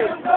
right.